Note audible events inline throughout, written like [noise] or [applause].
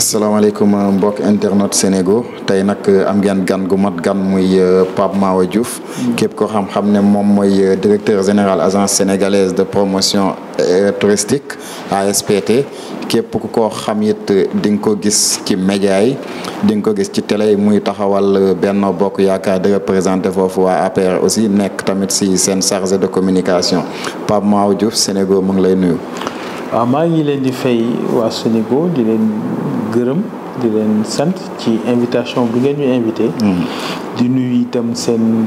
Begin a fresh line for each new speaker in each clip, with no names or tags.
asalaamaaleykum euh, mbokk internet Sénégal tey nag euh, am ngeen gan gu mat gan muy euh, Pape Mahawa Diouf mm. képp ko xam-xam ne moom mooy directeur général agence sénégalaise de promotion touristique ASPT képp ku ko xam it di nga ko gis ci média yi di nga ko gis ci télé yi muy taxawal Benno Bokk Yaakaar di représenté foofu waa APR aussi nekk tamit si seen chargé de communication
Pape Mahawa Diouf Sénégal mu ngi lay nuyu waa maa ngi leen di fay waa Senego di leen gërëm di leen sant ci invitation bi ngeen ñu invité. Hmm. di nuyu itam seen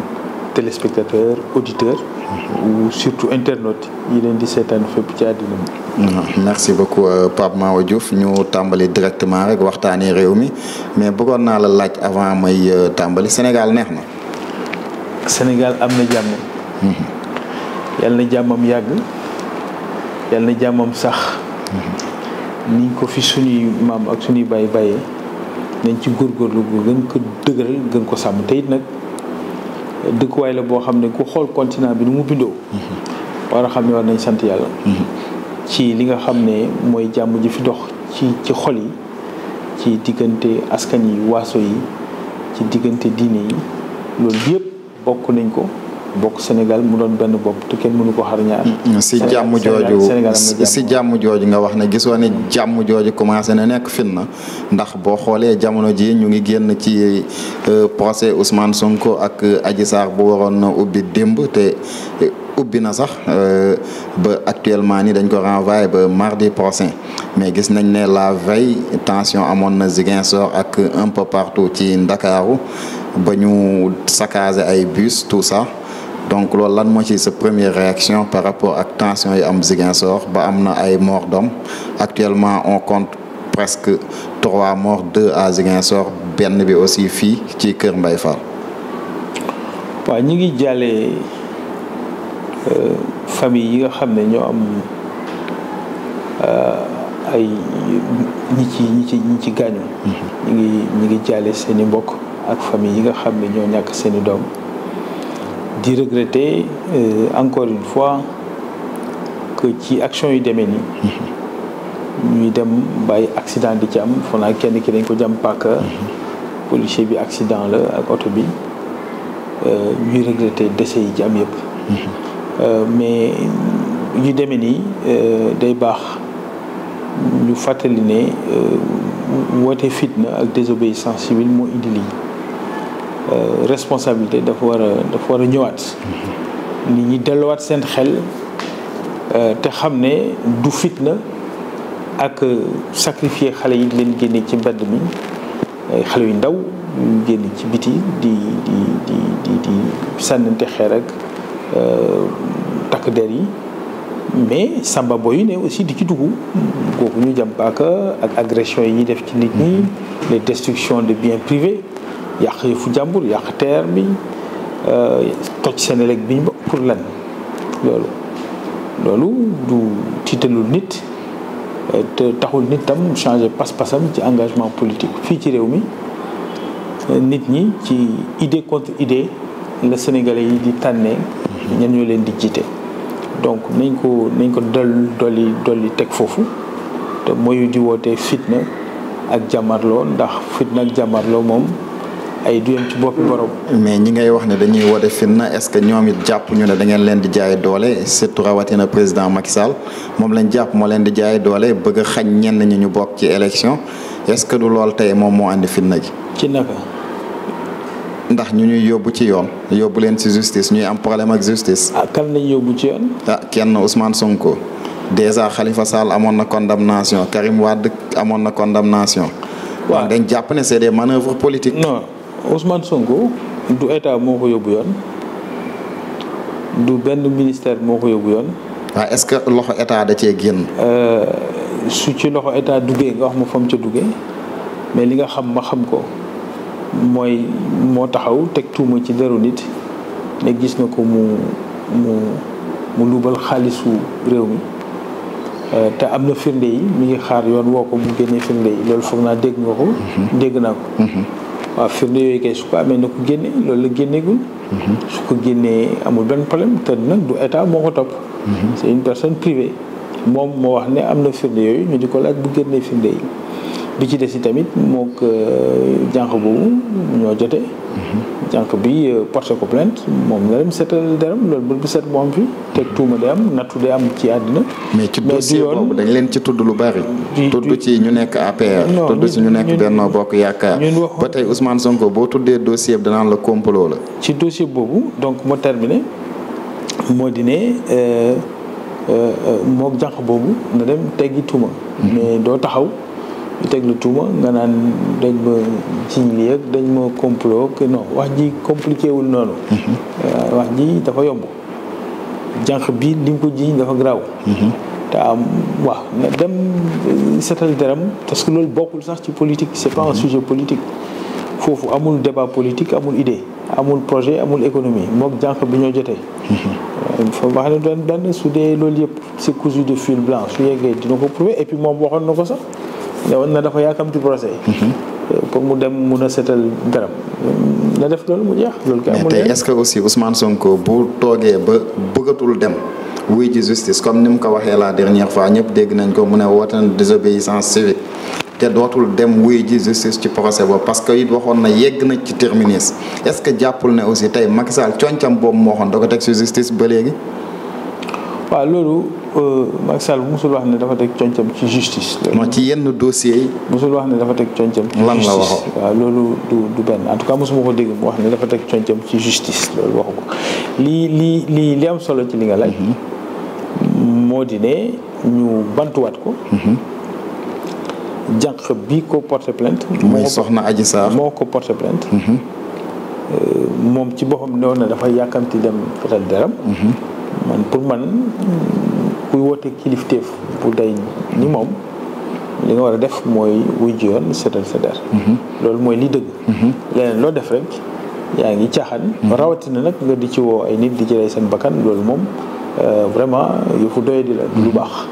téléspectateur auditeur hmm. ou surtout internautes yi leen di seetaan fépp ci àddina bi.
Hmm. merci beaucoup euh, Pape Mahawa Diouf ñu tàmbali directement rek waxtaanee réew mi mais bëggoon naa la laaj avant may euh, tàmbali
Sénégal neex na. Sénégal am na jàmm. yàlla na jàmmam yàgg. yàlla na jàmmam sax mhm. niñ ko fi sunuy maam ak suñuy bàyyi bàyyee nañ ci góor bu gën ko dëgëral gën ko sàmm te it nag dëkkuwaay la boo xam ne ku xool continent bi nu mu bindoo mhm. war a xam ne war nañ sant yàlla mhm. ci li nga xam ne mooy jàmm ji fi dox ci ci xol yi ci diggante askan yi waaso yi ci diggante diine yi loolu yëpp bokk nañ ko bokk Sénégal mu doon benn bopp te mënu ko xar ñaar. Mm, mm, si jàmm jooju si
jàmm jooju nga wax ne gisoo ne jàmm jooju commencé na nekk fitna ndax boo xoolee jamono ji ñu ngi génn ci euh, procès Ousmane Sonko ak euh, Adji Sarr bo waroon ubbi démb te euh, ubbi na sax ba actuellement ni dañ ko renvoyé ba mardi prochain mais gis nañ ne la veille tension amoon na Ziguinchor ak un peu partout ci Ndakaaru ba ñu saccagé ay bus tout sax donc loolu lan moo ci sa première réaction par rapport ak tension yi am Ziguinchor ba am na ay moor doom actuellement on compte presque trois morts deux à Ziguinchor benn bi aussi fii ci Kër mbay Fall.
waaw ñi ngi jàllee euh, famille yi nga xam ne ñoo am euh, ay ñi ci ci ci gaañu. Mm-hmm. ñi ngi ñi jàllee seen i mbokk ak famille yi nga xam ne ñoo ñàkk seeni doom. di regretter euh, encore une fois que ci action yu demee nii. ñuy dem bàyyi accident di ci am foog kenn ki dañ ko jam paaka. policier bi accident la ak oto bi euh, ñuy regretter dese yi ci am yëpp. Euh, mais ñu demee nii day baax ñu fàttali ne woote fitna ak désobéissance civile moo indi lii. Euh, responsabilité dafa war a dafa war a ñëwaat nit ñi delluwaat seen xel euh, te xam ne du fitna ak euh, sacrifier xale yi di leen génne ci mbedd mi xale yu ndaw ñu génn ci biti di di di di di sànnante xeer ak takk der yi mais samba boy ne aussi di ci dugg kooku ñu jàmpaaka ak agression yi ñuy def ci nit ñi les destructions de biens privés yàq yëfu jàmbur yàq terre bi euh, toj Senelec bi ñu bokk pour lan loolu du tiitalul nit euh, te taxul nit tam changer pas-pasam ci engagement politique fii ci réew mi euh, nit ñi ci idée contre idée la sénégalais yi di tànnee ñan ñoo leen di jiite donc nañ ko nañ ko dol dolli dolli teg foofu te mooyu di wootee fitna ak jàmmarloo ndax fitna ak jàmmarloo moom ay duyam ci boppi
borom. mais ñi ngay wax ne dañuy woote fitna est-ce que ñoom it jàpp ñu ne da ngeen leen di jaay doole surtout rawatina président Macky saal moom lañ jàpp moo leen di jaay doole bëgg xañ ñenn ñi ñu bokk ci élection est-ce que du lool tey moom moo andi fitna gi. ci naka. ndax ñu ñuy yóbbu ci yoon yóbbu leen ci justice ñuy am problème ak justice. ah kan lañ yóbbu ci yoon. ah kenn Ousmane Sonko déjà Khalifa Sall amoon na condamnation Karim Wade amoon
na condamnation. waaw dañ jàpp ne c'est des manœuvres politiques. Ousmane Sonko du état moo ko yóbbu yoon du benn ministère moo ko yóbbu yoon. waaw ah, est-ce que loxo état da cee génn. Euh, su ci loxo état duggee nga wax ma fa ca duggee mais li nga xam ma xam ko mooy moo taxaw teg tuuma ci deru nit ne gis na ko mu mu mu xaalisu réew mi euh, te am na firnde yi mi ngi xaar yoon woo ko mu génnee firnde yi loolu foog naa dégg nga ko. Mm-hmm. dégg naa ko. Mm-hmm. waaw firnde yooyu kay su ko amee na ko génne loolu la génneegul. Mhm. su ko génnee amul benn problème te nag du état moo ko topp. Mhm. c'est une personne privée moom moo wax ne am na firnde yooyu ñu di ko laaj bu génnee firnde yi. bi ci des tamit mook euh, janq boobu ñoo jote mhm. jànq bi euh, porté ko plainte moom la dem seetal deram loolu bët bu set bu am fi teg tuuma day am nattu day am ci àddina mais ci dossier boobu dañ leen ci tudd lu bari tudd ci ñu nekk
APR tudd ci ñu nekk Benno Bokk Yaakaar ba tey Ousmane Sonko boo tuddee dossier bi danaan la
complot la ci dossier boobu donc moo terminé moo di ne euh, mook jànq boobu na dem teggi tuuma mhm. mais doo taxaw teg la tuuma nga naan dañ ma jiñ lii ak dañ ma complot que non wax ji compliqué wul noonu. Mm-hmm. wax ji dafa yomb. jànq bi li nga ko jiñ dafa garaaw. Mm-hmm. te am waa na dem euh, setal deram parce que loolu bokkul sax ci politique c'est pas un mm-hmm. sujet politique. foofu amul débat politique amul idée amul projet amul économie mook jànq bi ñoo jotee. Euh, fa wax ne doon benn su dee loolu yëpp c'est cousu de fil blanc su yeggee dina ko prouver et moom waxoon na ko sax. ne woon na dafa yàkkamti procès yi mhm. pour mu dem mun a seetal garam na def loolu mu jeex loolu kay amul mais
que aussi Ousmane Sonko bu toogee ba bëggatul dem wuy ji justice comme ni mu ko waxee la dernière fois ñëpp dégg nañ ko mu ne woote na désobéissance civique te dootul dem wuy ji justice ci procès ba parce que it waxoon na yegg nañ ci terminus est-ce que jàppul ne aussi tey Macky Sall coñcam boobu moo waxoon da ko teg si justice ba léegi
waaw loolu Euh, Macky Sall musul wax ne dafa teg concam ci justice. moo ci yenn dossiers yi. musul wax ne dafa teg concam. ci lan la waxoon waaw loolu du du benn en tout cas mosuma ko dégg mu wax ne dafa teg concam ci justice loolu waxu ko lii lii lii li am solo ci li nga laaj. Mhm. moo di ne ñu bantuwaat ko. Mhm. jànq bi ko porté plainte. soxna Adji Sarr moo ko porté plainte. Mhm. Euh, moom ci boppam ne woon na dafa yàkkamti dem fetal deram man pour man. kuy woote kilifteef bu day ni moom li nga war a def mooy wujj yoon setal sa der mhm. loolu mooy li dëgg mhm. leneen loo def rek yaa ngi caaxaan mhm. rawatina nag nga di ci woo ay nit di ci rey seen bakkan loolu moom euh, vraiment yëfu doye di lu baax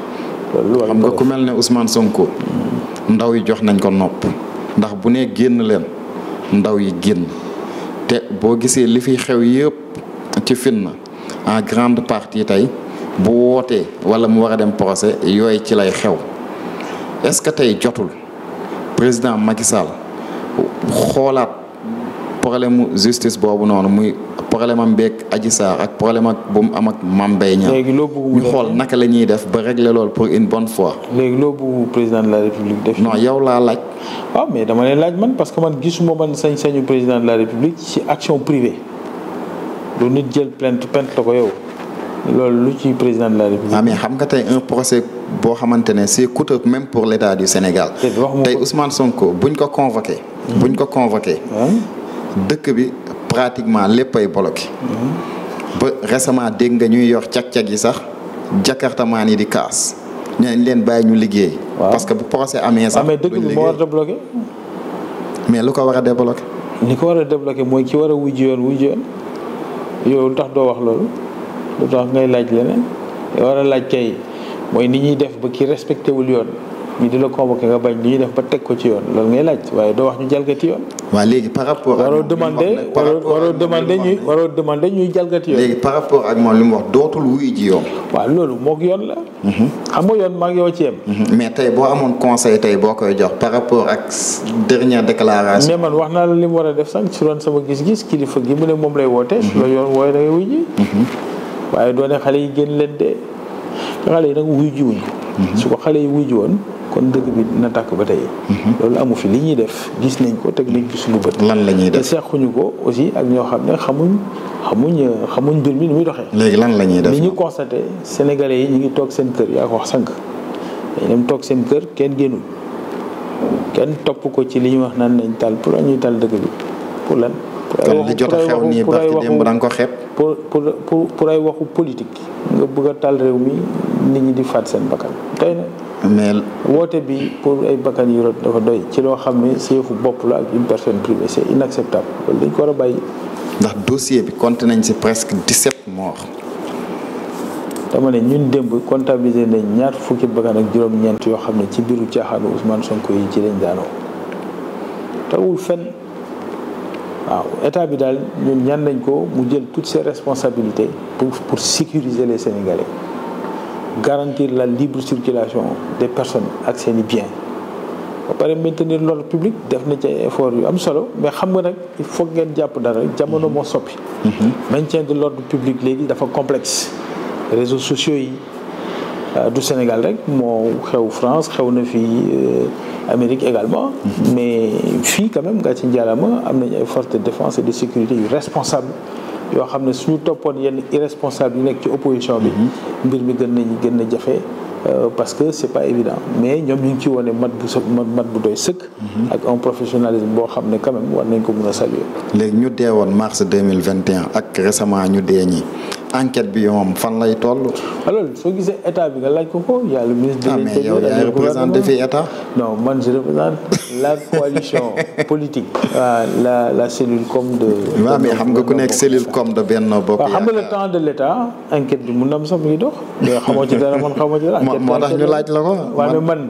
loolu xam nga ku mel ne Ousmane Sonko ndaw
yi jox nañ ko nopp ndax bu ne génn leen ndaw yi génn te boo gisee li fi xew yëpp ci fitna en grande partie tey bu wootee wala mu war a dem procès yooyu ci lay xew est-ce que tey jotul président Macky Sall xoolaat problème mu justice boobu noonu muy problème am beeg Adji Sarr ak problème ak bu mu am ak Mame Mbaye Niang ñu xool naka la ñuy def ba régler lool pour une bonne fois.
léegi loo bëgg la république def. non yow laa laaj. waaw ah, mais dama leen laaj man parce que man gisuma man sañ-sañu président de la république ci action privée lu nit jël plainte plainte ko yow. loolu lu ci président
de la république. ah xam nga tey un procès boo xamante ne c'est coûteux même pour l'état du Sénégal. tey Ousmane Sonko buñ ko convoqué. buñ ko convoqué. dëkk bi pratiquement léppay bloqué. ba récemment dégg nga ñuy yor cag-cag yi sax jakartamaan yi di kaas. ñooñu leen bàyyi ñu liggéey. parce que bu procès amee sax. Ah, dëkk bi moo war a
débloqué. mais lu ko war a débloqué. ni ko war a débloqué mooy ki war a wujj yoon wujj yoon yow tax doo wax loolu. lu tax ngay laaj leneen war a laaj kay mooy ni ñuy def ba ki respecté wul yoon ñu di la convoqué nga bañ li ñuy def ba teg ko ci yoon loolu ngay laaj waaye doo wax ñu jalgati yoon. waaw léegi par rapport. waroo demandé waroo demandé ñuy waroo demandé ñuy jalgati yoon. par rapport ak moom li dootul wuy ji yoon. waaw loolu moog yoon la. Mhm. xam nga yoon maa ngi yow ci yem. Mhm. mais tey
boo amoon conseil tey boo koy jox par rapport ak dernière déclaration. mais
man wax naa la li mu war a def sax si doon sama gis-gis kilifa gi mu ne moom lay woote. loolu mhm. yoon wooyee da ngay waaye doone xale yi génn leen dee xale yi nag wuy ji wuñ mhm. su ko xale yi wuy ji woon kon dëgg bi na takk ba tey. Mhm. loolu amu fi li ñuy def gis nañ ko teg nañ ci suñu bët. lan la ñuy def sequñu ko aussi ak ñoo xam ne xamuñ xamuñ xamuñ mbir mi muy doxee. léegi lan la ñuy def li ñu constaté sénégalais yi ñu ngi toog seen kër yaa ko wax sànq dañ dem toog seen kër kenn génnul kenn topp ko ci li ñuy wax naan nañ tal pour ñuy tal dëgg bi pour lan. li jot a xew nii barki démb da nga ko xeeb. pour pour ay waxu politique. nga bëgg a taal réew mi nit ñi di faat seen bakkan doy na. woote bi pour ay bakkan yu rot dafa doy ci loo xam ne seefu bopp la ak une personne privée c'est inacceptable loolu dañ ko war a bàyyi.
ndax dossier bi compté nañ ci presque 17 morts.
dama ne ñun démb comptabiliser ne ñaar fukki bakkan ak juróom-ñeent yoo xam ne ci biiru caaxaanu Ousmane Sonko yi ci lañ daanoo tawul fenn. waaw état bi daal ñun ñaan nañ ko mu jël toutes ses responsabilité pour sécuriser les Sénégalais garantir la libre circulation des personnes ak seen i biens ba pare maintenir l'ordre public def na ci effort yu am solo mais xam nga nag il foog ngeen jàpp dara jamono moo soppi mhm. maintien de l'ordre public léegi dafa complexe réseaux sociaux yi Euh, du Sénégal rek moo xew France xew na fi euh, Amérique également. Mhm. mais fii quand même gàcce njaaraama am nañu ay forces de défense et de sécurité yu responsables yoo xam ne suñu toppoon yenn irresponsable yi nekk ci opposition bi. Mhm. mbir mi gën nañu gën a jafe. Euh, parce que c'est pas évident mais ñoom ñu ngi ci wane mat bu sa bu doy sëkk. Mhm. ak un professionnalisme boo xam ne quand même war nañ ko mun a saluer.
léegi ñu dee woon mars deux mille vingt et ak récemment ñu dee ñi enquête bi moom fan lay toll.
alors soo gisee état bi nga laaj ko ko yàlla ministre. de l'intérieur ah mais yow yaa [laughs] politique. Euh, la la cellule com de. waaw
mais xam nga ku nekk cellule com de Benno Bokk Yaakaar. waaw xam
nga le temps de l' état enquête bi mun na am sax mi ngi dox. ci dara man xamoo ci dara. moo tax ñu laaj la ko. waaye man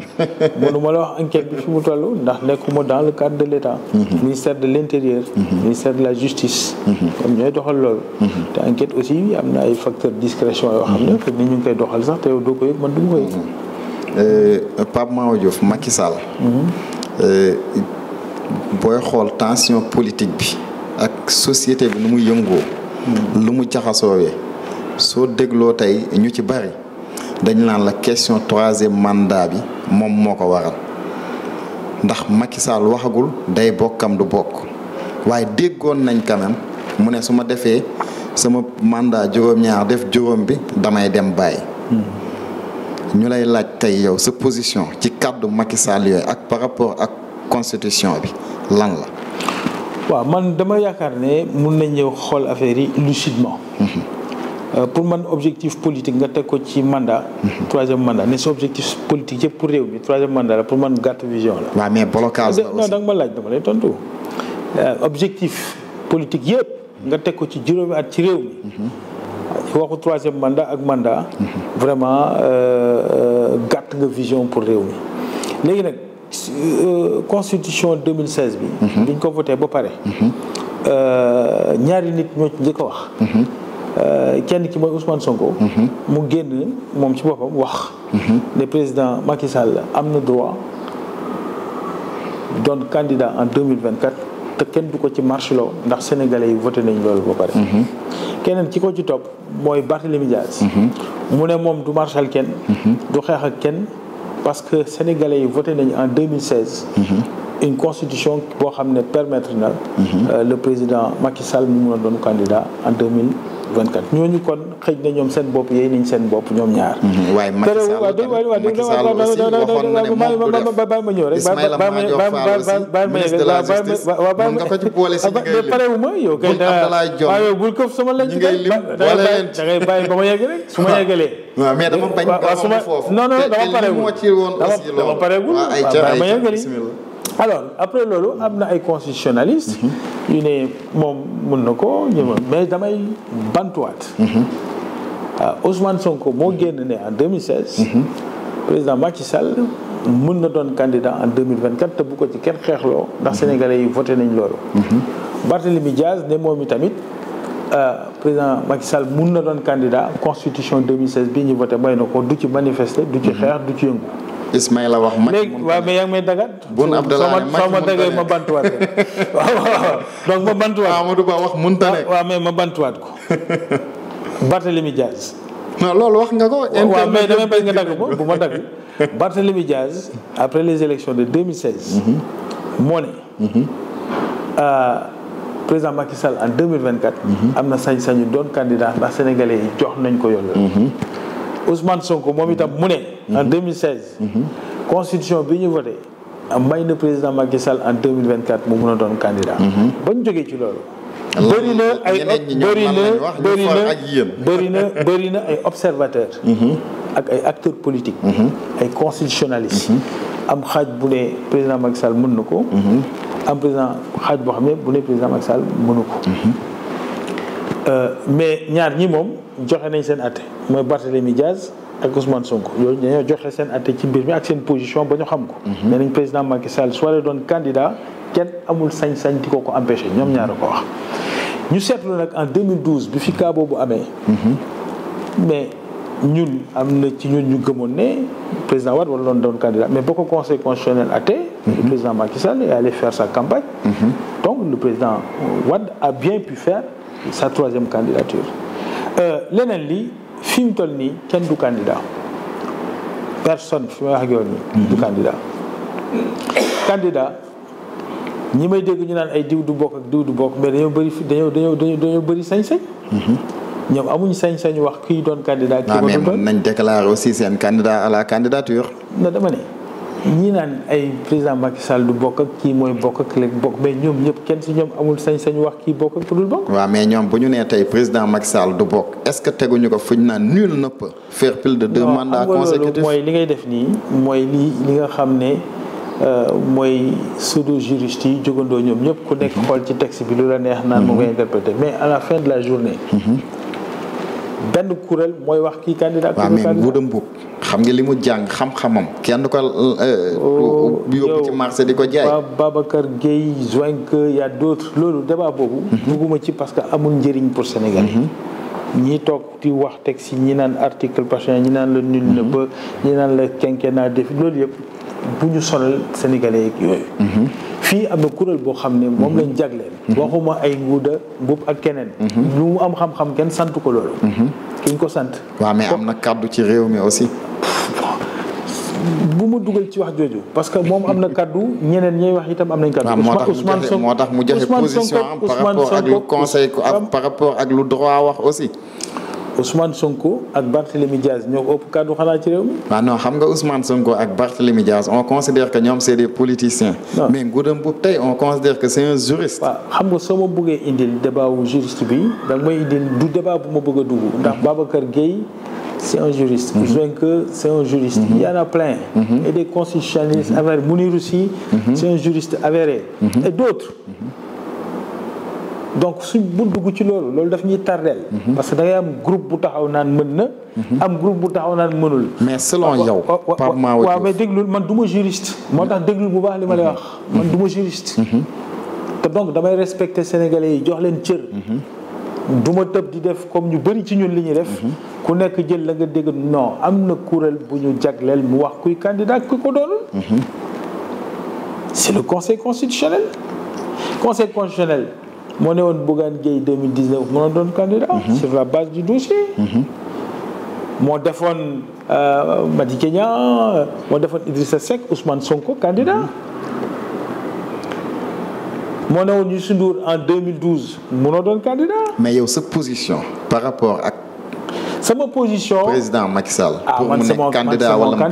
mënuma la wax enquête bi fi mu toll ndax nekkuma dans le cadre de l' état. Mm-hmm. ministère de l' intérieur. Mm-hmm. ministère la justice. comme mm-hmm. ñooy doxal loolu. te enquête aussi am ay facteur discrétion yoo xam ne mhm. ni ñu ngi koy doxal sax te yow doo ko yëg man du ma ko yëg euh, Pape Mahawa mhm.
euh, booy xool tension politique bi ak société bi nu muy yëngoo mhm. lu mu jaxasoowee soo dégloo tey ñu ci bari dañ naan la question troisième mandat bi moom moo ko waral ndax Macky Sall waxagul day bokkam du bokk waaye déggoon nañ quand mu ne su ma defee sama mandat juróom-ñaar def juróom bi damay dem bàyyi. ñu lay laaj tey yow sa position ci kàddu Macky Sall yooyu ak par rapport
ak constitution bi lan la. waaw man dama yaakaar ne mun na ñëw xool affaire yi lucidement. Mhm. Euh, pour man objectif politique nga teg ko ci mandat. Mhm. troisième mandat ne sa objectif politique yëpp pour réew mi troisième mandat la pour man gàtt vision la. waaw mais blocage la aussi ma laaj dama lay tontu euh, objectif politique yëpp. nga teg ko ci juróomi at ci réew mi waxu troisième mandat ak mandat vraiment euh, euh, gàtt nga vision pour réew mi léegi nag euh, constitution 2016 bi biñ ko voté ba pare ñaari nit ñoo ci njëkk a wax kenn ki mooy Ousmane Sonko mu génn moom ci boppam wax ne président Macky Sall am na droit doon candidat en 2024 te kenn du ko ci marché loo ndax sénégalais yi voté nañ loolu ba pare. Mhm. keneen ki ko ci topp mooy Barthélémy Dias. Mhm. mu ne moom du marchal kenn. Mhm. du xeex ak kenn parce que sénégalais yi voté nañ en 2016. une constitution boo xam ne permettre na. Euh, le président Macky Sall mu mun a doon candidat en 2000. 24 ñooñu kon xëj na ñoom seen bopp yéen nañ seen bopp ñoom ñaar. waaye Macky Sall baal ma ñëw rek. baal ma yegg waaw baal ma mais ba ma yegg rek su ma yeggalee. waaw mais dama bañ. waaw su ma non non dama parewu dama parewu. waaw ma yeggali. alors après loolu am na ay constitutionnalistes. Mm-hmm. yu ne moom mun na ko mais damay bantuwaat. Mm-hmm. Ah, Ousmane Sonko moo mm-hmm. génn ne en 2016. président Macky Sall mun na doon candidat en 2024 te bu ko ci kenn xeexloo ndax sénégalais yi voté nañ loolu. Barthélemy Diaz ne moom itamit ah, président Macky Sall mun na doon candidat constitution 2016 bii ñu voté may na ko du ci manifester du ci xeex du ci yëngu. Ismaïla wax. ma léegi waaw mais yaa ngi may dagat. Boun Abdallah ne soo ma dagee ma bantuwaat ko [laughs] waaw donc ma bantuwaat ko. Amadou Ba wax mënta ah, nekk waaw mais ma bantuwaat ko [laughs] Barthélemy Diaz. non loolu wax nga ko. waaw mais damay bañ nga dagg ko bu ma dagg. [laughs] Barthélemy Diaz après les élections de 2016. Mhm. moo ne. Mhm. Euh, président Macky Sall en 2024. Mhm. am na sañ-sañu doon candidat ndax sénégalais yi jox nañ ko yoon Ousmane Sonko moom itam mu ne. en 2016. Mhm. Mhm. constitution bi ñu voté may na président Macky Sall en 2024 mu mun a doon candidat. Mhm. ba ñu jógee ci loolu. Ah, bëri na ay bëri na bëri na bëri na bëri na ay observateurs. ak ay acteur politiques. ay constitutionnalistes. am xaaj bu ne président Macky Sall mën na ko. am président xaaj boo xam ne bu ne président Macky Sall ko. Euh, mais ñaar ñi moom joxe nañ seen àtte mooy Barthélémy Diaz ak Ousmane Sonko yooyu joxe seen àtte ci mbir mi ak seen position ba ñu xam ko. Mhm. nee nañ président Macky Sall soit doon candidat kenn amul sañ-sañ di ko ko empêché ñoom ñaar ko wax. ñu seetlu nag en 2012 bi fi cas boobu amee. Mhm. mais ñun am na ci ñun ñu gëmoon ne président Wade wala doon doon candidat mais boo ko conseil constitutionnel àtte. Mhm. le président Macky Sall est faire sa campagne. donc le président Wade a bien pu faire. sa troisième candidature euh, leneen li fi mu toll nii kenn du candidat personne fi may wax ak yow nii mhm. du candidat candidat ñi may dégg ñu naan ay diw du bokk ak diw du bokk mais dañoo bëri dañoo dañoo dañoo bëri sañ-sañ mhm. ñoom amuñ sañ-sañ wax kii doon candidat kii doon
nañ déclaré aussi seen candidat à la candidature
na dama ñii naan ay président Macky Sall du bokk ak kii mooy bokk ak bokk mais ñoom ñëpp kenn si ñoom amul sañ-sañ wax kii bokk ak ku dul bokk.
waaw mais ñoom bu ñu nee tey président Macky saal du bokk est-ce que teguñu ko fu ñu naan nul ne peut faire plus de deux mandats consécutifs mooy li
ngay def nii mooy li li nga xam ne euh, mooy pseudo juriste yi jógandoo ñoom ñëpp ku nekk mhm. xool ci texte bi lu la neex naan moom mhm. ngay mais à la fin de la journée. Mhm. benn kuréel mooy wax kii candidat. waaw mais
xam nga li mu jàng xam-xamam kenn ko oh, euh, yóbbu ci marché di ko jaay
Babacar Gueye Zoink y a loolu débat boobu bugguma mhm. ci parce que amul njëriñ pour Sénégal mhm. ñi toog di wax texte yi ñi naan article passion ñi naan la nul ne mhm. peut ñi naan la na défi loolu yëpp bu ñu sonal sénégalais fii am na kuréel boo xam ne moom lañ jagle waxuma ay nguuda mbub ak keneen lu am xam-xam kenn sant ko lool kiñ ko sant waaw mais am na kàddu ci réew mi aussi bu ma dugal ci wax jooju parce que moom am na kaddu ñeneen ñiy wax itam am nañ kaddu. Ousmane Sonko moo tax mu jafe position am par rapport ak lu conseil ko par rapport ak lu droit wax aussi. Ousmane Sonko ak Barthélémy Diaz ñoo ko ëpp kaddu xanaa ci réew mi. waaw xam nga Ousmane Sonko
ak Barthélémy Diaz on considère que ñoom c' est des politiciens.
Non. mais Ngouda Mboup tey on considère que c' est un juriste. waaw xam nga soo ma bëggee indil débat wu juriste bi da nga may indil du débat bu ma bëgg a dugg ndax mm-hmm. Babacar Gueye. c'est un juriste. Poujoinque, mm-hmm. c'est un juriste. Mm-hmm. Il y en a plein. Mm-hmm. Et des constitutionnalistes avérés. Mounir aussi, c'est un juriste avéré. Et d'autres. donc suñ bu dugg ci loolu loolu daf ñuy tardeel parce que da ngay am groupe bu taxaw naan mën na. am groupe bu taxaw naan mënul. mais selon yow. Pape Mahawa Diouf man du ma juriste. moo tax déglul bu baax li ma lay wax. man du ma juriste. te donc damay respecter sénégalais yi jox leen cër. du ma tëb di def comme ñu bëri ci ñun li ñuy def. Mhm. ku nekk jël la nga dégg non am na kuréel bu ñu jagleel mu wax kuy candidat ku ko doonul. Mhm. c'est le conseil constitutionnel. conseil constitutionnel moo ne woon Bougane Gueye 2019 mën a doon candidat. Mhm. sur la base du dossier. moo defoon euh, Madické moo defoon Idrissa Seck Ousmane Sonko candidat. moo ne woon Youssou Ndour en 2012 munoo doon
candidat. mais yow sa position. par rapport ak. sama position président Macky Sall.
ah man c' pour mu nekk candidat wala ah, a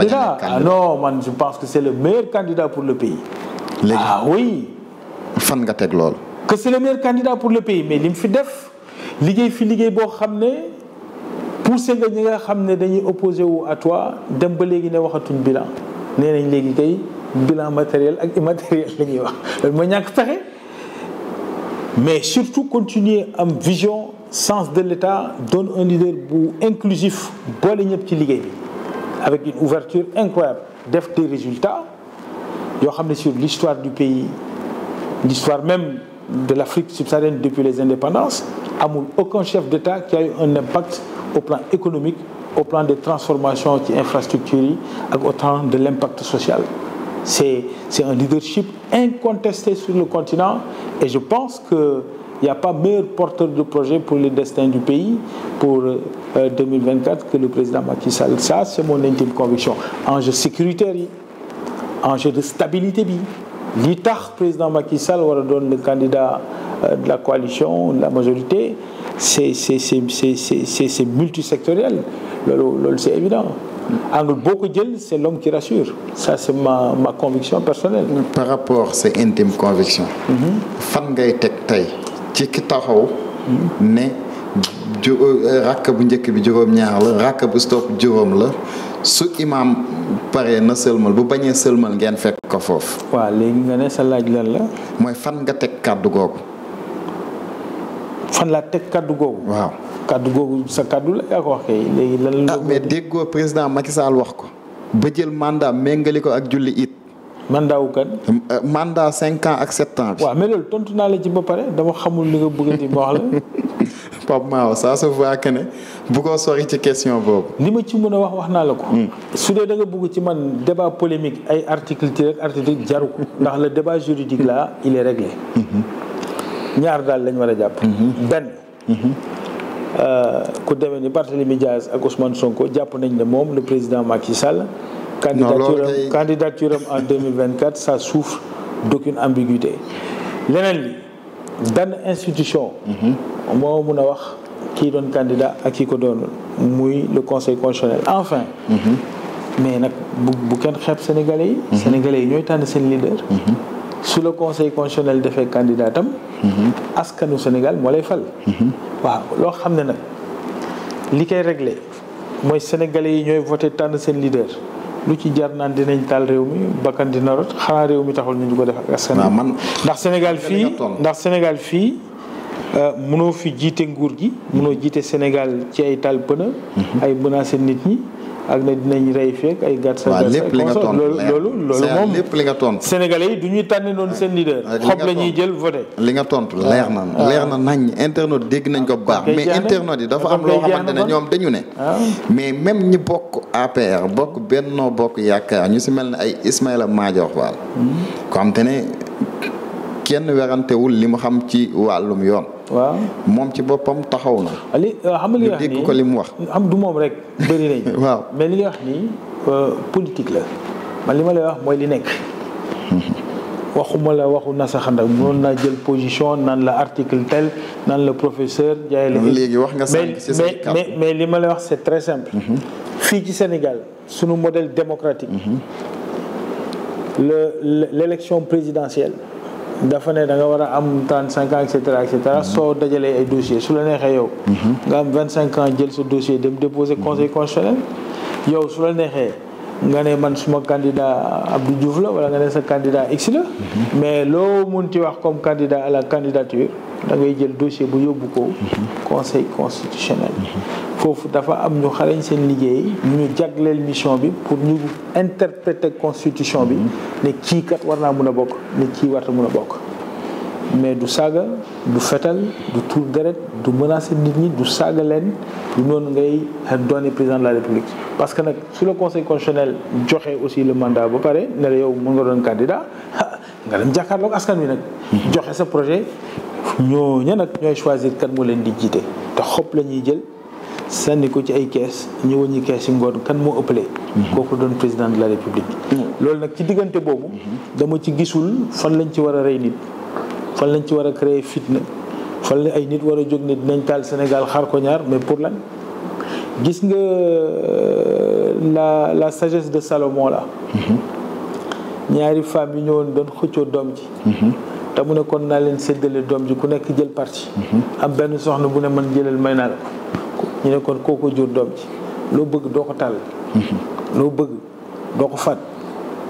nekk non man je pense que c' est le meilleur candidat pour le pays. Ah, fan nga teg lool. que c' est le meilleur pour le mais li mu fi def liggéey fi liggéey boo xam ne poussé nga ñi nga xam ne dañuy opposé wu à toi dem ba léegi ne waxatuñ bilan nee nañ léegi kay bilan matériel ak immatériel la ñuy wax loolu mooy ñàkk pexe. mais surtout continuer am vision sens de l'État doon un leader bu inclusif boole ñëpp ci liggéey bi avec une ouverture incroyable def des résultats yoo xam ne sur l'histoire du pays l'histoire même de l'Afrique subsaharienne depuis les indépendances amul aucun chef d'État qui a eu un impact au plan économique au plan des transformations ci infrastructures yi ak au plan de l'impact social C'est un leadership incontesté sur le continent et je pense que il n'y a pas meilleur porteur de projet pour le destin du pays pour 2024 euh, que le président Macky Sall. Ça, c'est mon intime conviction. Enjeu sécuritaire yi enjeu de stabilité bi li tax président Macky Sall war a doon le candidat euh, de la coalition de la majorité c'est c'est c'est c'est c'est multisectoriel loolu loolu c'est évident. angle boo ko jël c'est l'homme qui rassure ça c'est ma ma conviction personnelle. par rapport sa intime conviction. Mm-hmm. fan ngay teg tey ci ki taxaw.
ne ju euh, rakk bu njëkk bi juróom-ñaar la rakk bu stop juróom la su imam paree na sëlmal bu bañee sëlmal ngeen fekk ko foofu. waa léegi nga ne
sa laaj lan la. mooy fan nga teg kàddu googu. fan laa teg kàddu googu. waaw kaddu googu sa kaddu la yaa ko wax kay léegi lan la. ah mais déggoo
président Macky Sall wax ko. ba jël mandat méngali ko ak julli it. mandat wu kan. Euh, cinq ans ak sept ans.
tontu naa la ci ba pare dama xamul li nga bëgg di ma wax la.
[laughs]
Pape Mahawa ça se voit que ne bu ko sori ci question boobu. li ma ci mën a wax wax naa la ko. Hmm. su dee da nga bëgg ci man débat polémique ay article ci rek article jaru ndax le débat juridique là ñaar daal lañ war a jàpp. Mhm. benn. Mhm. Euh, ku demee ni Barthélemy Diaz ak Ousmane Sonko jàpp nañ ne moom le président Macky Sall. candidature am candidature am en 2024 ça souffre d'aucune ambiguïté leneen li benn institution. Mhm. moo mun a wax kii doon candidat ak kii ko doonul muy le conseil constitutionnel enfin. mais nag bu bu kenn xeeb sénégalais yi. sénégalais yi ñooy tànn seen leader. su la conseil constitutionnel defee candidatam mhm. askanu Sénégal moo lay fal mhm. waaw loo xam ne nag li koy réglé mooy sénégalais yi ñooy voté tànn seen leader lu ci jar naan dinañ taal réew mi bakkan dina rot xanaa réew mi taxul ñu di ko def ak askan man ndax Sénégal fii ndax Sénégal fii euh, mënoo fi jiite nguur gi mënoo jiite senegal ci ay taal pëna mhm. ay menacé nit ñi ak ne dinañ rey feeg ay gàtt lépp li nga tontu loolu loolu
lépp li nga tontu sénégalais du ñuy tànn noonu seen leader xob la ñuy jël voté li nga tontu leer na ah. leer na
nañ internet
dégg nañ ko bu baax ah, mais internaute yi dafa am loo xamante ne ñoom dañu ne ah. mais même ñi bokk APR bokk Benno Bokk Yaakaar ñu si mel ne ay Ismaïla Madior Fall hmm. ko xam te ne kenn werantewul li mu xam ci wàllum yoon waaw moom
ci boppam taxaw na. Ah, li euh, xam nga li wax dégg ko li mu wax. am du moom rek bëri [laughs] waaw mais li nga wax nii euh, politique la man li ma lay wax mooy li nekk. [laughs] waxuma la waxu nasaxandak mënoon naa jël position nan la article tel nan la professeur jaay la léegi wax nga sànq ci mais mais mais li ma lay wax c'est très simple mhm. fii ci Sénégal sunu modèle démocratique mhm. le l'élection présidentielle dafa ne danga war a am trente cinq ans et cetera mhm. soo dajalee ay dossiers su la neexee yow. Mhm. nga am vingt cinq ans jël sa dossier dem déposer conseil constitutionnel yow su la neexee nga ne man suma candidat Abdou Diouf la wala nga ne sa candidat X mhm. mais loo munti wax comme candidat à la candidature da ngay jël dossier bu yóbbu ko. conseil constitutionnel. foofu dafa am ñu xarañ seen liggéey ñu jagleel mission bi pour ñu interpréter constitution bi mhm. ne ci kat war naa mun a bokk ne ci warta mun a bokk mais du saaga du fetal du tuur deret du menacer nit ñi du saaga leen du noonu ngay doone président de la république parce que nag su le conseil constitutionnel joxe aussi le mandat ba pare ne la yow mën nga doon candidat nga dem jàkkaarloog askan wi nag mhm. joxe sa projet ñoo ña nag ñooy choisir kan moo leen di jiite te xob la ñuy jël sànni ko ci ay kees ñu wëññi kees yi ngoon kan moo ëppale mhm. kooku doon président de la république mhm. loolu nag ci diggante boobu mhm. dama ci gisul fan lañ ci war a rey nit fan lañ ci war a créer fitna fan la ay nit war a jóg ne dinañ taal Sénégal xaar ko ñaar mais pour lan gis nga euh, la la sagesse de Salomon la ñaari femmes yi ñëwoon doon xëccoo doom ji te mu ne kon naa leen séddale doom ji ku nekk jël parti am benn soxna bu ne man jëlal may naa la ñu ne kon kooku jur doom ci loo bëgg doo ko tàll mhm. loo bëgg doo ko fat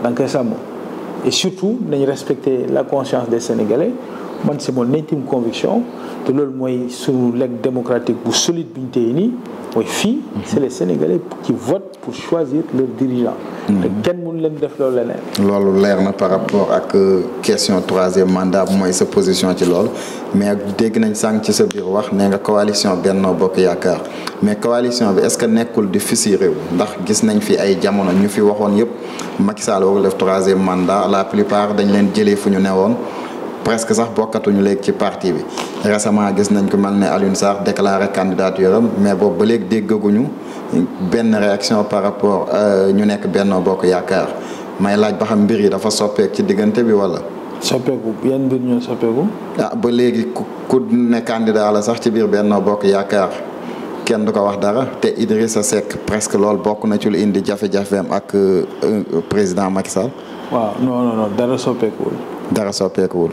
da nga koy sàmm et surtout nañu respecter la conscience de Sénégalais man c'est mon intime conviction te loolu mooy suñu leg démocratique bu solide bi ñu téye nii mooy fii mhm. c'est les Sénégalais vote pour choisir leur dirigeant mhm. te kenn mënu leen def loolu leneen loolu leer na par rapport ak euh,
question troisième mandat mooy sa position ci lool mais ak dégg nañ sànq ci sa biir wax nee nga coalition Benno Bokk Yaakaar mais coalition bi est-ce que nekkul di fisi réew ndax gis nañ fi ay jamono ñu fi waxoon yëpp Macky Sall warul def troisième mandat la plupart dañ leen jëlee fu ñu newoon presque sax bokkatuñu léegi ci parti bi récemment gis nañ ko mel ne Alioune Sarr déclaré candidature am mais boobu ba léegi déggaguñu benn réaction par rapport euh, ñu nekk Benno Bokk Yaakaar may laaj ba xam mbir yi dafa soppeek ci diggante bi wala. soppeeku yan mbir ñoo soppeeku. Ah, ba léegi ku ne candidat la sax ci biir Benno Bokk Yaakaar kenn du ko wax dara te Idrissa Seck presque loolu bokk na ci lu indi jafe-jafeem ak euh, euh, président Macky Sall.
waaw non non dara soppeekuwul. dara soppeekuwul.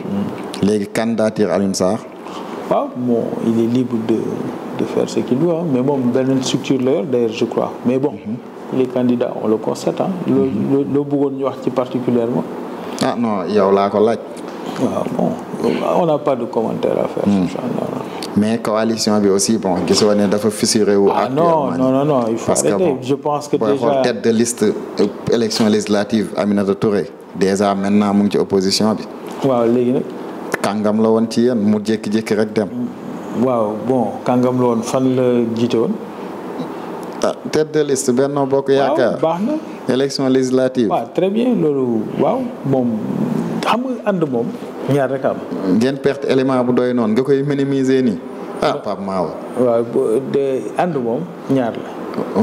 léegi candidature Alioune Sarr. waaw bon il est libre de de faire ce qu'il doit mais moom beneen structure la yor d'ailleurs je crois mais bon. Mhm. les candidats on le constate ah. loo loo ñu wax ci particulièrement ah non yow laa ko laaj. waaw ah, bon on n'a pas de commentaire à hmm. mais
coalition bi aussi bon gisoo ne dafa fissuré wu. ah non non non il faut parce arrêter. que bon, je pense que déjà xool tête de liste euh, élection législative Aminata Touré déjà maintenant mu ngi ci opposition bi. waaw léegi nag. kàngam la woon ci yéen mu jékki-jékki rek dem.
waaw bon kàngam la woon fan la jiite woon. ah tête Benno Bokk
Yaakaar. élection législative.
très bien loolu waaw moom. xam
nga ànd moom ñaar rek am. ngeen perte élément bu doy noonu nga koy minimiser nii ah Pape Mahawa. waaw de ànd moom ñaar la.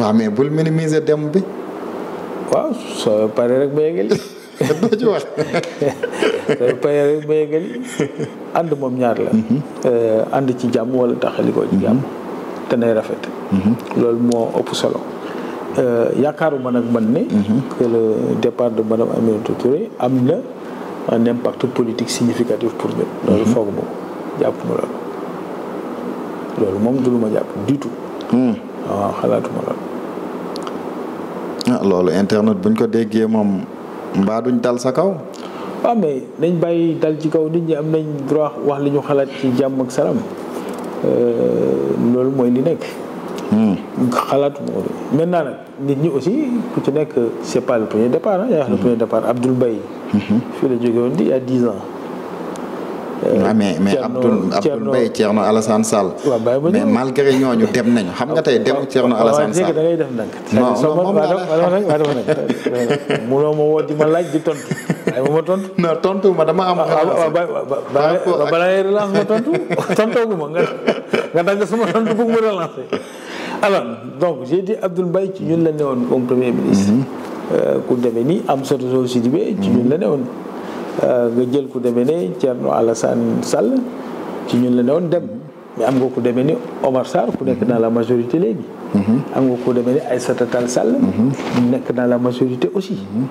waaw mais bul minimiser dem bi.
waaw soo paree rek ba yeggali. [laughs] doo [laughs] moom ñaar la. Mhm. Euh, ànd ci jàmm wala taxalikoo ci jàmm. Mhm. te nay rafet. Mhm. loolu moo ëpp solo. Euh, yaakaaruma nag man ne. que départ de madame Aminata Touré am na. a impact politique significatif pour ñëpp. Mhm. loolu foog ma jàpp ma loolu. moom du ma jàpp du tout. waaw hmm. ah, xalaatuma ah, loolu. ah internet buñ ko déggee moom mbaa duñ dal sa kaw. waaw ah, mais nañ bàyyi dal ci kaw nit ñi am nañ droit wax lañu ñu xalaat ci jàmm ak salaam euh, loolu mooy li nekk. Hmm. xalaatuma ko de maintenant nag nit ñi aussi ku ci nekk c'est pas le premier départ ah. yaa wax le hmm. premier départ Abdoul Mbaye fii la jóge woon il y a dix ans.
waaw mais mais Abdoul Abdoul Mbaye Thierno Alassane Sall. ma malgré ñooñu dem nañu xam nga tey demu Thierno Alassane Sall. da ngay
def ndànk. non moom laa munoo ma woo di ma laaj di tontu waaye ma dama am. waaw balaa ngay relance ma tontu tontoogu ma nga nga dagg sama tontu bugg ma relancer. alors donc j'ai dit Abdoul ci ñun la newoon comme premier ministre. Euh, ku deme ni am soto soo Sidibé ci ñun la newoon euh, nga jël ku demee ne Thierno Alassane Sall ci ñun la newoon dem mais am nga ko demee ni Omar Sarr ku nekk dans la majorité léegi mhm. am nga ku demee ni Aïssata Tall Sall mhm. nekk dans la majorité aussi mhm.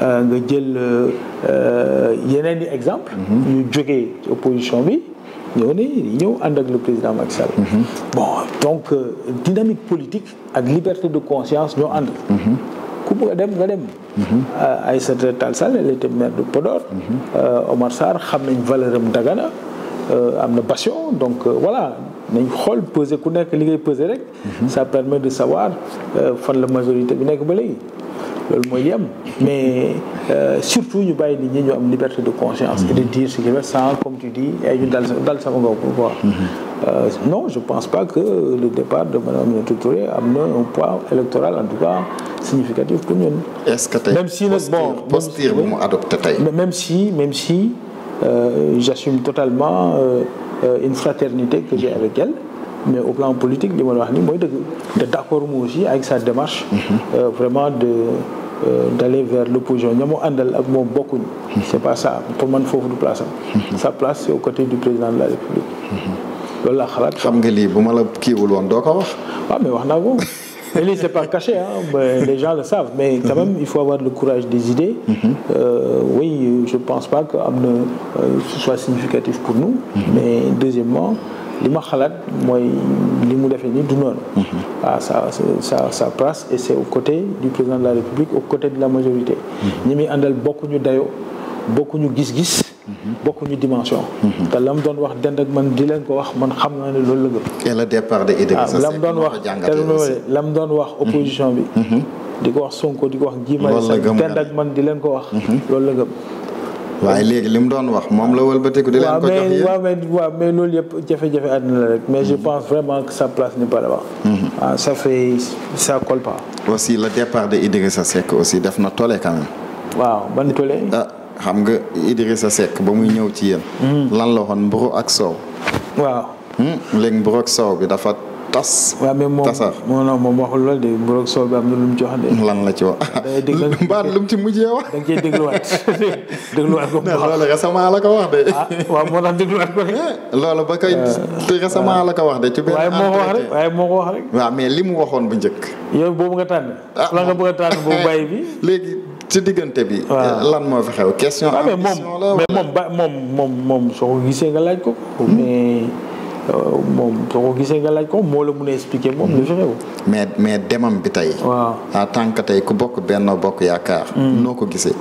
euh, nga jël yeneen i exemple ñu jóge ci opposition bi ñëw ne ñëw ànd ak le président Macky Sall bon donc dynamique politique ak liberté de conscience ñoo ànd ku bëgg a dem nga dem. Mhm. Euh, Aïssata Tall Sall elle était maire de Podor. Mhm. Euh, Omar Sarr xam nañ valeur am Dagana euh, am na passion donc voilà nañ xool peser ku nekk li ngay peser rek. Mhm. ça permet de savoir fan la majorité bi nekk ba léegi. loolu mooy li am mais euh, surtout ñu bàyyi nit ñi ñu am liberté de conscience et de dire ce qu'il veut sans comme tu dis ay ñu dal dal sama kaw quoi mm-hmm. euh, non je pense pas que le départ de madame Aminata Touré am na un poids électoral en tout cas significatif pour ñun. est-ce que tey même si nag bon posture bu mu adopté tey. même si même si euh, j'assume totalement euh, euh une fraternité que j'ai avec elle. mais au plan politique li ma wax ni mooy dëgg te d'accord mu aussi avec sa démarche mhm. euh, vraiment de Euh, d'aller vers l'opposition ña mu àndal ak moom bokkuñ mhm. c'est pas ça pour man foofu de place am mhm. sa place c'est aux côtés du président de la République loolu laa xalaat xam nga bu ma la kiiwul woon doo ko wax waaw ah, mais wax naa ko [laughs] mais lii c'est pas caché hein mais les gens le savent mais quand même il faut avoir le courage des idées euh, oui je pense pas que am na euh, ce soit significatif pour nous mais deuxièmement li ma xalaat mooy li mu defee ni du noonu. waaw mhm. ah, ça ça ça passe et c'est aux côtés du président de la République aux côtés de la majorité. Mhm. ñi muy àndal bokkuñu dayoo bokkuñu gis-gis. Mhm. bokkuñu dimension. te la mu doon wax dend ak man di leen ko wax man xam naa ne loolu la gëm. et le départ de ah, la mu doon wax te la mu doon wax opposition bi. di ko wax Sonko di ko wax. loolu la gëm dend ak man di leen ko wax. loolu la gëm.
waaye léegi li mu doon wax moom la wëlbatiku di leen ko
waaw mais waaw mais yëpp jafe-jafe àddina la rek mais je pense vraiment que sa place n'est pas là-bas. Mhm. ah ça fait ça colle
aussi la départ de Idrissa Seck aussi def na tollé quand
waaw ban tole a ah,
xam nga Idrissa Seck ba muy ñëw ci yéen. Mhm. lan la waxoon mburu ak soow. waaw. Hmm? léegi mburu ak soow bi dafa. tas. waaw mais moom
non moom waxul loolu de mburoog soow bi la ci wax.
[laughs] day déglu [laughs] mbaa lu mu ci mujjee wax. da nga cee [laughs] ko. la ko wax de. ah waaw moo tax dégluwaat ko rek. Eh, ba kay euh, la ko wax de. ci waaye moo ko wax rek waaye mais li waxoon bu njëkk. yow boobu nga tànn. ah la nga bëgg a tànn boobu bàyyi bi. léegi ci diggante bi. Eh, lan moo fi xew question. Ah, ambition la mais moom
moom moom moom soo ko nga laaj ko. Hmm? mais. Euh, moom soo ko gisee nga laaj ko moo la mun a expliquer moom lu fi xew
mais mais demam bi tey. waaw en tant que tey
ku bokk benn bokk yaakaar. Hmm. noo ko gisee.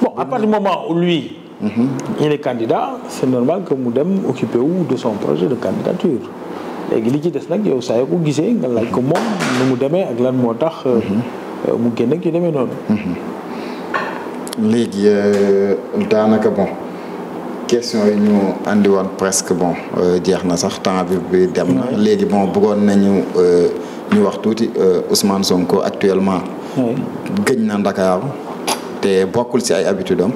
bon à partir du moment où lui. Mhm. il est candidat c' normal que mu dem occuper wu de son projet de candidature. léegi li ci des nag yow saa yoo gisee nga laaj ko moom nu mu demee ak lan moo tax. Euh, mhm. euh, mu génn ak yu demee noonu. Mhm. léegi daanaka
bon. question yi ñu andi presque bon euh, jeex na sax temps bi bi dem na léegi bon bëggoon nañu euh, ñu wax tuuti euh, Ousmane Sonko actuellement. gëj na Ndakaaru te bokkul si ay habitude am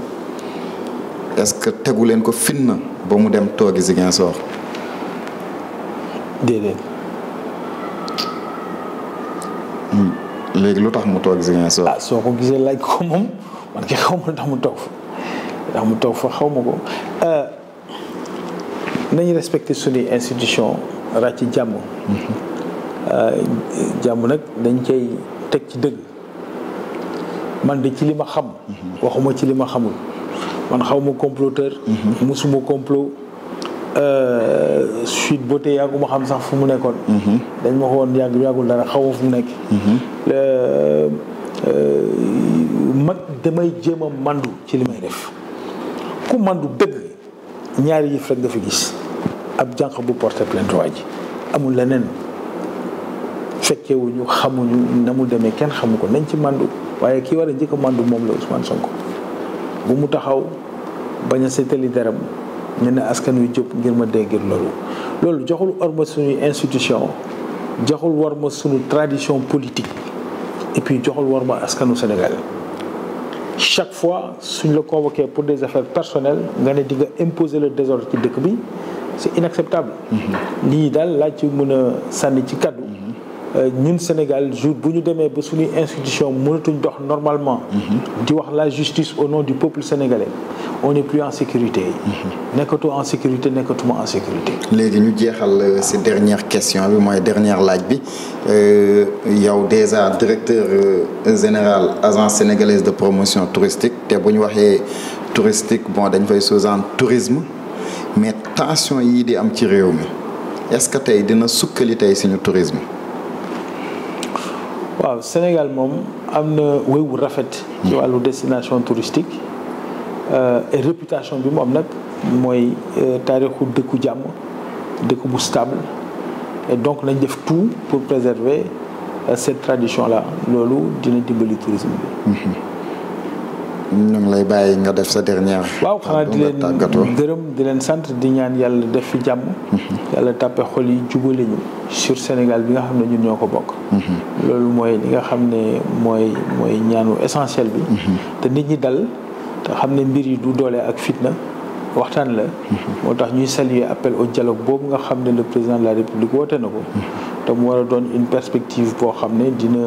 est-ce que tegu leen ko fin na ba mu dem toogi Ziguinchor.
déedéet. Hmm. léegi lu tax mu toogi Ziguinchor. ah soo ko gisee mu toog. ndax mu toog fa xaw ma ko euh, nañu respecté suñuy institution ràcc ci jàmm euh, jàmm nag dañ cay teg ci dëgg man de ci li ma xam waxuma ci li ma xamul man xaw ma comploteur musuma complot suite ba tey yàgguma xam sax fu mu nekkoon dañ ma ko woon yàgg yàggul dara xaw ma fu mu nekk euh, mag damay jéem a màndu ci li may def ku mandu dëgg ñaari yëf rek nga fi gis ab jànq bu porté plainte waa ji amul leneen fekkewuñu xamuñu na mu demee kenn xamu ko nañ ci mandu waaye ki war a njëkk a mandu moom la Ousmane Sonko bu mu taxaw bañ a seetali deram ñu ne askan wi jóg ngir ma déggir loolu loolu joxul orma suñu institution joxul war ma suñu tradition politique et puis joxul war ma askanu Sénégal chaque fois suñ la convoqué pour des affaires personnelles nga ne di nga imposer le désordre ci dëkk bi c'est inacceptable mhm. lii daal laa ci mën a sànni ci kaddu mhm. euh, ñun Sénégal jour bu ñu demee ba suñuy institution mënatuñ dox normalement mhm. di wax la justice au nom du peuple sénégalais on n'est plus en sécurité. nekkatu en sécurité nekkatuma en sécurité. léegi ñu jeexal si euh,
dernière question bi mooy dernière laaj bi euh, yow déjà
directeur euh,
général agence sénégalaise de promotion touristique te bu ñu waxee touristique bon dañ fay sosaan tourisme mais tension yii di am ci réew mi est-ce que tey dina sukkali tey suñu tourisme.
waaw Sénégal moom am na wéy wu rafet. ci hmm. wàllu destination touristique. Euh, et réputation bi mu am nag mooy euh, taarixu dëkku jàmm dëkku bu stable et donc nañ def tout pour préserver euh, cette tradition la loolu dina dimbali tourisme bi.
Mmh. ñu ngi lay bàyyi nga def sa dernière. waaw xanaa di leen gërëm
di leen centre di ñaan yàlla def fi jàmm. Mmh. yàlla tàppe xol yi jubale ñu. sur Sénégal bi nga xam ne ñun ñoo ko bokk. Mmh. loolu mooy li nga xam ne mooy mooy ñaanu essentiel bi. te nit ñi dal. te xam ne mbir yi du doolee ak fitna waxtaan la. moo tax ñuy saluer appel au dialogue boobu nga xam ne le président de la république te na ko. te mu war a doon une perspective boo xam ne dina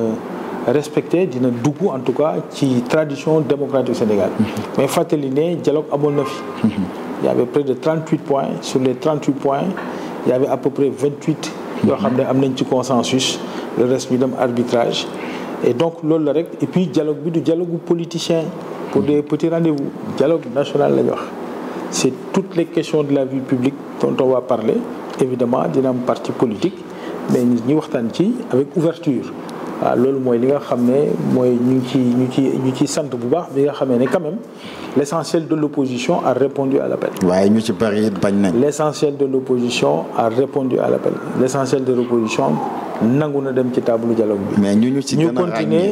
respecter dina dugg en tout cas ci tradition démocratique Sénégal. mais fàttali ne dialogue amoon na fi. y avait près de 38 points sur les 38 points y avait à peu près 28. yoo xam ne am nañ ci consensus le reste ñu dem arbitrage et donc loolu la rek puis dialogue bi du dialogue politicien. pour des petits rendez-vous dialogue national la ñu wax c'est toutes les questions de la vie publique dont on va parler évidemment dina am parti politique mais ñi waxtaan ci avec ouverture waaw ah, loolu mooy li nga xam ne mooy ñu ci ñu ci ñu ciy sant bu baax bi nga xamee ne quand même l' essentiel de l' opposition a répondu ñu ci bari bañ l' essentiel de l' opposition a répondu à l' de l' nangu na dem ci table dialogue bi. mais ñu ñu ñu a ràññee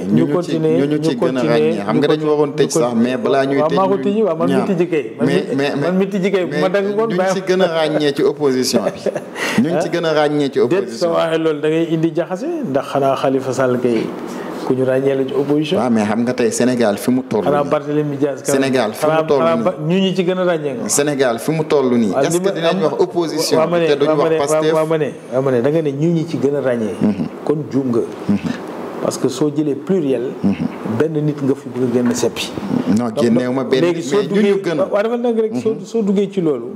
xam nga dañu waroon tëj sax mais balaa ñuy tëj. waaw maa ko tijji waaw man mi tijji kay. mais
mais man mi tijji kay bu ma dagg kon. [laughs] [laughs] ñu ci gën a ràññee ci opposition bi.
ñu ci gën a ràññee ci opposition bi. déet soo waxee loolu da ngay indi jaxase ndax xanaa Khalifa Sall Sall kay ku ñu ràññee la ci opposition. waaw mais xam nga tey Sénégal fi mu toll. xanaa Barthélémy Dias. Sénégal fi mu toll nii ñu ñi ci gën a ràññee nga. Sénégal fi mu toll nii. est-ce que dinañ wax opposition. te duñ wax Pastef waaw ma ne waaw ma ne da nga ne ñu ñi ci gën a ràññee. Mhm. kon juum nga. Mhm. parce que soo jëlee pluriel. Mhm. benn nit nga fi bëgg a gën a seppi. non génneew ma benn mais ñu ñu gën a. waaw dafa nekk rek soo soo duggee ci loolu.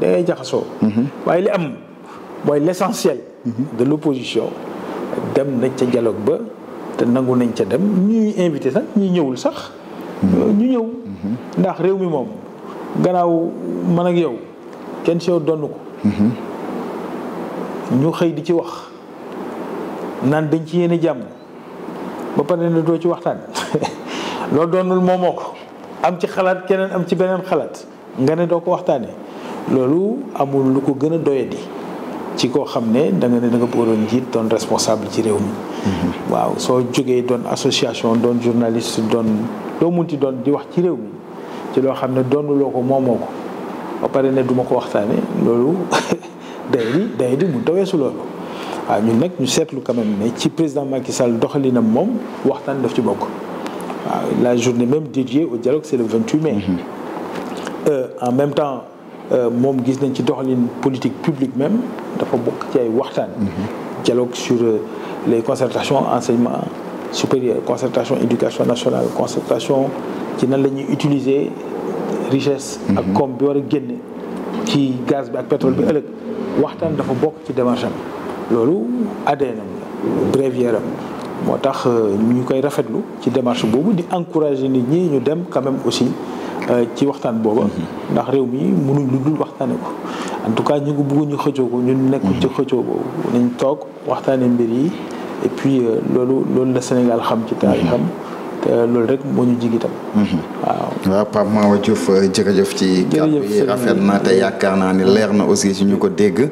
da ngay jaxasoo. waaye li am mooy l'essentiel de l'opposition dem nañ ca dialogue ba te nangu nañ ca dem ñuy invité sax ñu ñëwul sax. ñu ñëw. ndax réew mi moom gannaaw man ak yow kenn si yow donn ko. ñu xëy di ci wax naan dañ ci yéene jàmm ba pare na doo ci waxtaan [laughs] loolu doonul moomoo ko am ci xalaat keneen am ci beneen xalaat nga ne doo ko waxtaanee loolu amul lu ko gën a doyadi. ci koo xam ne da nga ne da nga bëgg doon njiit doon responsable ci réew mi. Mhm. waaw soo jógee doon association doon journaliste doon mun munti doon di wax ci réew mi ci loo xam ne doonuloo ko moomoo ko ba pare ne duma ko waxtaane loolu [laughs] day di day di mu daweesu loolu. waaw ñun nag ñu seetlu quand même ne ci président Macky Sall doxalinam moom waxtaan def ci bokk waaw la journée même dédiée au dialogue c'est le 28 mai. Mhm. Euh, en même temps. Euh, moom gis nañ ci doxalin politique publique même dafa bokk ci ay waxtaan. Mhm. dialogue sur euh, les concertations enseignement supérieur concertation éducation nationale concertation ci nan la ñuy utiliser richesse. ak mhm. koom bi war a génne ci gaz bi ak pétrole bi ëllëg waxtaan dafa bokk ci démarche loolu ADN na la am moo tax euh, ñu koy rafetlu ci démarche boobu di encourager nit ñi ñu dem quand même aussi euh, ci waxtaan booba mm-hmm. ndax réew mi mënuñ lu dul waxtaane ko en tout cas ñu ngi bëgg ñu xëccoo ko ñun nekkul ci mm-hmm. xëccoo boobu nañ toog waxtaane mbir yi et puis euh, loolu loolu la Sénégal xam ci xam Euh, loolu rek moo ñu jig itam.
Mhm. waaw waaw Pape Mahawa Diouf euh, jërëjëf ci. kàddu yi rafet na te yaakaar naa ni leer na aussi si ñu ko dégg.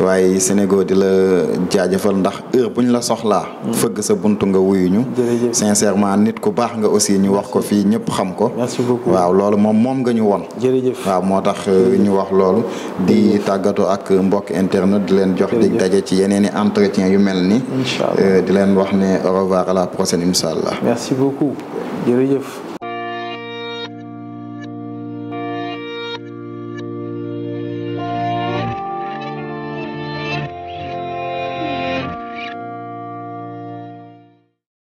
waaye Sénégal di la jaajëfal ndax heure buñ la soxlaa. Mm. fëgg sa buntu nga wuyu ñu. sincèrement nit ku baax nga aussi ñu wax ko fii ñëpp xam ko. waaw loolu moom moom nga ñu won jërëjëf waaw moo tax euh, ñu wax lool di tàggatoo ak mbokk internet di leen jox dig daje ci yeneen i entretien yu mel ni di leen wax ne au revoir à la allah.
beaucoup jërëjëf